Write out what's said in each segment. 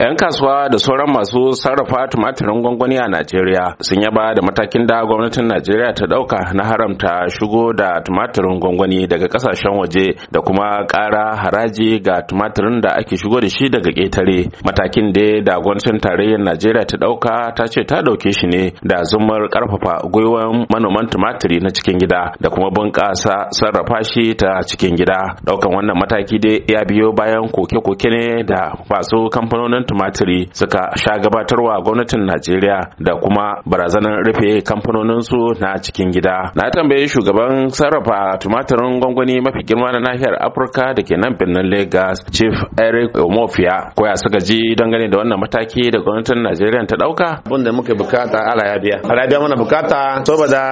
'yan kasuwa da sauran masu sarrafa tumatirin gwangwani a najeriya sun yaba da matakin da gwamnatin najeriya ta dauka na haramta shigo da tumatirin gwangwani daga kasashen waje da kuma kara haraji ga tumatirin da ake shigo da shi daga ƙetare matakin da da gwamnatin tarayyar najeriya ta dauka ta ce ta dauke shi ne da zumar karfafa gwiwan manoman tumatiri na cikin gida da kuma bunƙasa sarrafa shi ta cikin gida daukan wannan mataki dai ya biyo bayan koke-koke ne da masu kamfanonin tumatiri suka sha gabatarwa gwamnatin najeriya da kuma barazanar rufe kamfanonin su na cikin gida na tambaye shugaban sarrafa tumatirin gwangwani mafi girma na nahiyar afirka da ke nan birnin lagos chief eric omofia koya suka ji dangane da wannan mataki da gwamnatin najeriya ta dauka abin da muka bukata Allah ya biya Allah ya biya mana bukata saboda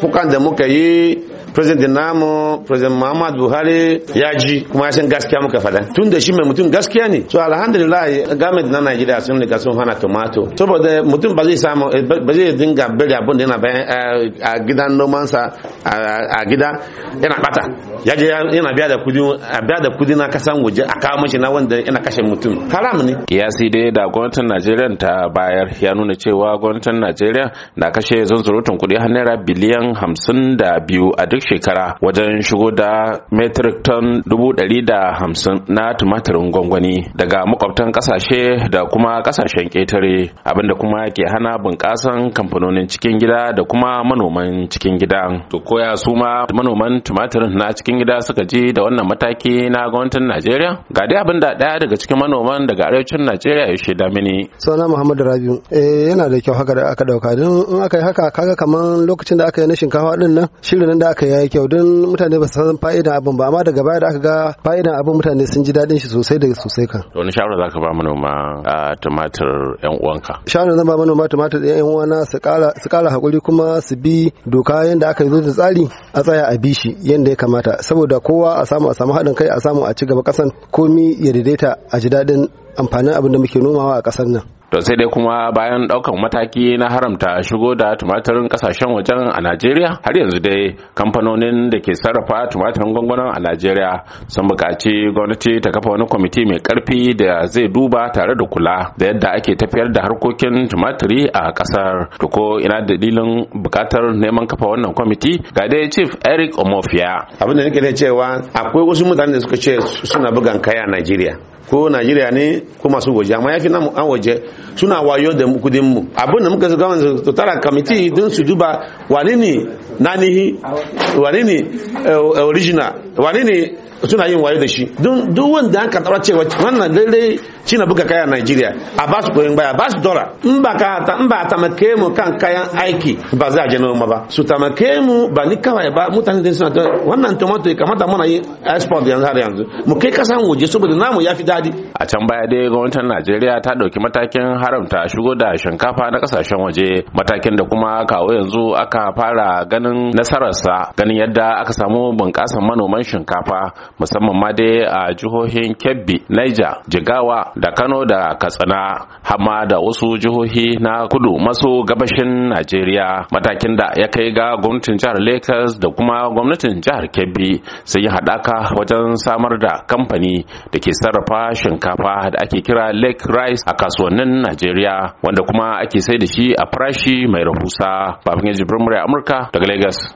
kukan da muka yi president namu president Muhammad Buhari ya ji kuma ya san gaskiya muka fada tun da shi mai mutum gaskiya ne to alhamdulillah government na Najeriya sun riga sun hana tomato saboda mutum ba zai samu eh, ba zai dinga bari abun da yana bayan eh, a gidan nomansa a gida yana bata ya je yana biya da kudi a biya da kudi na kasan waje a kawo mashi na wanda yana kashe mutum haram ne kiyasi dai da gwamnatin Najeriya ta bayar ya nuna cewa gwamnatin Najeriya na kashe zunzurutun kudi har naira biliyan hamsin da biyu a duk shekara wajen shigo da metric ton 150 na tumatirin gwangwani daga makwabtan kasashe da kuma kasashen ketare abinda kuma ke hana bunƙasan kamfanonin cikin gida da kuma manoman cikin gida to koya su ma manoman tumatirin na cikin gida suka ji da wannan mataki na gwamnatin najeriya ga dai abin da ɗaya daga cikin manoman daga arewacin najeriya ya shaida mini sana muhammadu rabiu eh yana da kyau haka da aka dauka don in aka yi haka kaga kamar lokacin da aka yi na shinkafa din nan shirin da aka ya yi kyau don mutane ba su san fa'idan abin ba amma daga baya da aka ga fa'idan abin mutane sun ji daɗin shi sosai da sosai kan. wani shawara za ka ba manoma a tumatir yan uwanka. shawara zan ba manoma tumatir yan uwana su kala hakuri kuma su bi doka yadda aka zo da tsari a tsaya a bi shi yadda ya kamata saboda kowa a samu a samu haɗin kai a samu a ci gaba ƙasan komi ya daidaita a ji daɗin amfanin abin da muke nomawa a ƙasar nan. to sai dai kuma bayan daukan mataki na haramta shigo da tumatirin kasashen wajen a najeriya har yanzu dai kamfanonin da ke sarrafa tumatirin gwangwanon a najeriya sun buƙaci gwamnati ta kafa wani kwamiti mai karfi da zai duba tare da kula da yadda ake tafiyar da harkokin tumatiri a ƙasar to ko ina dalilin buƙatar neman kafa wannan kwamiti ga dai chief eric omofia abin da nake cewa akwai wasu mutanen da suka ce suna bugan kai a najeriya ko Najeriya ne ko masu waje amma ya fi namu an waje suna wayo da kudin mu abin da muka gama su tara kamiti don su duba wani ne nanihi wani ne eh, original wani ne suna yin wayo da shi don duk wanda an karɓar cewa wannan lalle shi na buga kayan Najeriya a ba su koyon baya ba su dora in ba ka ta in ba tamake mu kan kayan aiki ba za a je noma ba su tamake mu ba ni kawai ba mutane da suna wannan tomato kamata muna yi export yanzu har yanzu mu kai kasan waje saboda namu ya fi da Fadi. A can baya dai gwamnatin Najeriya ta ɗauki matakin haramta shigo da shinkafa na ƙasashen waje matakin da kuma kawo yanzu aka fara ganin nasararsa ganin yadda aka samu bunƙasar manoman shinkafa musamman ma dai a jihohin Kebbi, Niger, Jigawa da Kano da Katsina hama da wasu jihohi na kudu maso gabashin Najeriya matakin da ya kai ga gwamnatin jihar Lagos da kuma gwamnatin jihar Kebbi sai haɗaka wajen samar da kamfani da ke sarrafa shinkafa da ake kira lake rice a kasuwannin najeriya wanda kuma ake sai da shi a farashi mai rahusa babin yajibirin murya amurka daga lagos